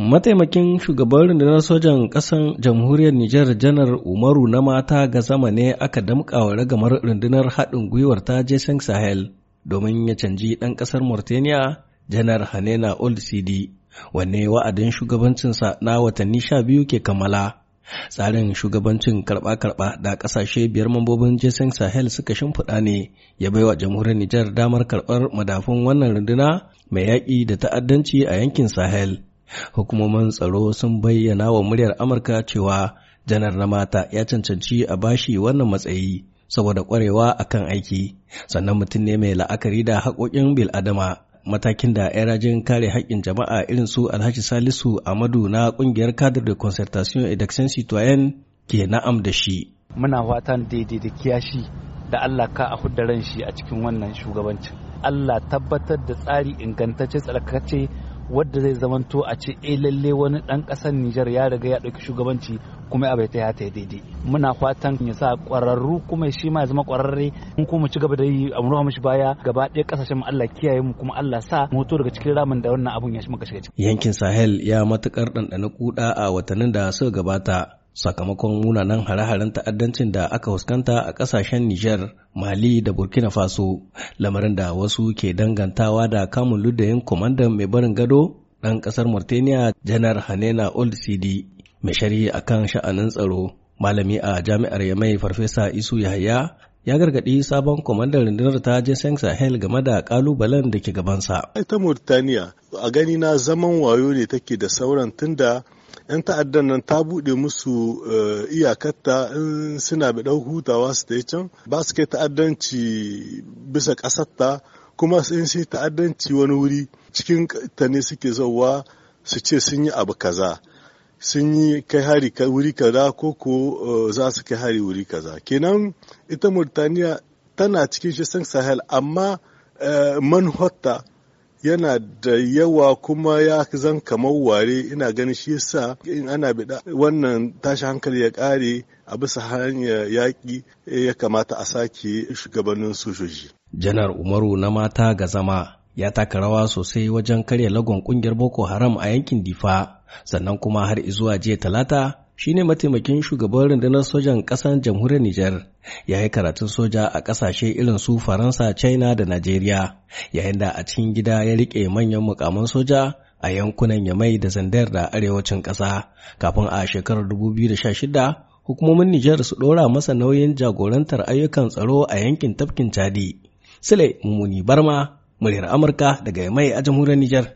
Mataimakin shugaban rundunar sojan Ƙasar jamhuriyar Nijar janar Umaru na mata ga sama ne aka damƙawa ragamar rundunar haɗin gwiwar ta Jason Sahel domin ya canji ɗan ƙasar Mauritania janar Hanena Old CD wanne wa'adin shugabancinsa na watanni sha biyu ke kammala. Tsarin shugabancin karɓa-karɓa da ƙasashe biyar mambobin Jason Sahel suka shimfiɗa ne ya baiwa jamhuriyar Nijar damar karɓar madafun wannan runduna mai yaƙi da ta'addanci a yankin Sahel. Hukumomin tsaro sun bayyana wa muryar Amurka cewa janar na mata ya cancanci a bashi wannan matsayi saboda kwarewa a kan aiki, sannan mutum ne mai la'akari da haƙoƙin bil'adama. Matakin da ya rajin kare haƙƙin jama'a irin su Alhaji Salisu Amadu na ƙungiyar kadar da Concertation et d'Action Citoyenne ke na'am da shi. Muna fatan daidai da kiyashi da Allah ka a hudda ran shi a cikin wannan shugabancin. Allah tabbatar da tsari ingantacce tsarkace wadda zai zamanto a ce eh lalle wani dan kasar Nijar ya riga ya dauki shugabanci kuma ya baita ya ta daidai muna fatan ya sa kwararru kuma shi ma ya zama kwararre mun kuma ci gaba da yi a ruwa mishi baya gaba ɗaya kasashen mu Allah kiyaye mu kuma Allah sa moto daga cikin ramin da wannan abun ya shi muka shiga yankin Sahel ya matukar dandana kuda a watannin da suka gabata sakamakon munanan hare-haren ta'addancin da aka fuskanta a kasashen Nijar, Mali da Burkina Faso, lamarin da wasu ke dangantawa da kamun ludayin komandan mai barin gado ɗan ƙasar Mauritania Janar Hanena Old CD, mai shari'a kan sha'anin tsaro, malami a jami'ar Yamai Farfesa Isu Yahaya ya gargaɗi sabon komandan rundunar ta jason sahel game da kalubalen da ke gabansa. ita Mauritania a gani na zaman wayo ne take da sauran tunda 'yan ta'addan nan ta buɗe musu eh, iyakarta in suna bi ɗau hutawa su ta can ba su kai ta'addanci bisa ƙasarta kuma in sai ta'addanci wani wuri cikin ta ne suke zauwa su ce sun yi abu kaza sun yi kai hari wuri kaza ko ko eh, za su kai hari wuri kaza kenan ita murtaniya tana cikin shi sahel amma eh, manhotta yana da yawa kuma ya zan kamar ware ina ganin shi yasa in ana bida wannan tashi hankali ya kare a bisa hanyar yaƙi eh, ya kamata a sake shugabannin sojoji. janar umaru na mata ga zama ya taka rawa sosai wajen karya lagon kungiyar boko haram a yankin difa sannan kuma har izuwa jiya talata shine mataimakin shugaban rundunar sojan ƙasar jamhuriyar Nijar ya yi karatun soja a ƙasashe irin su Faransa, China da Najeriya, yayin da a cikin gida ya riƙe manyan mukaman soja a yankunan Yamai da Zandar da arewacin ƙasa kafin a shekarar 2016 hukumomin Nijar su ɗora masa nauyin jagorantar ayyukan tsaro a yankin tafkin Chadi. Sule Mumuni Barma, muryar Amurka daga Yamai a jamhuriyar Nijar.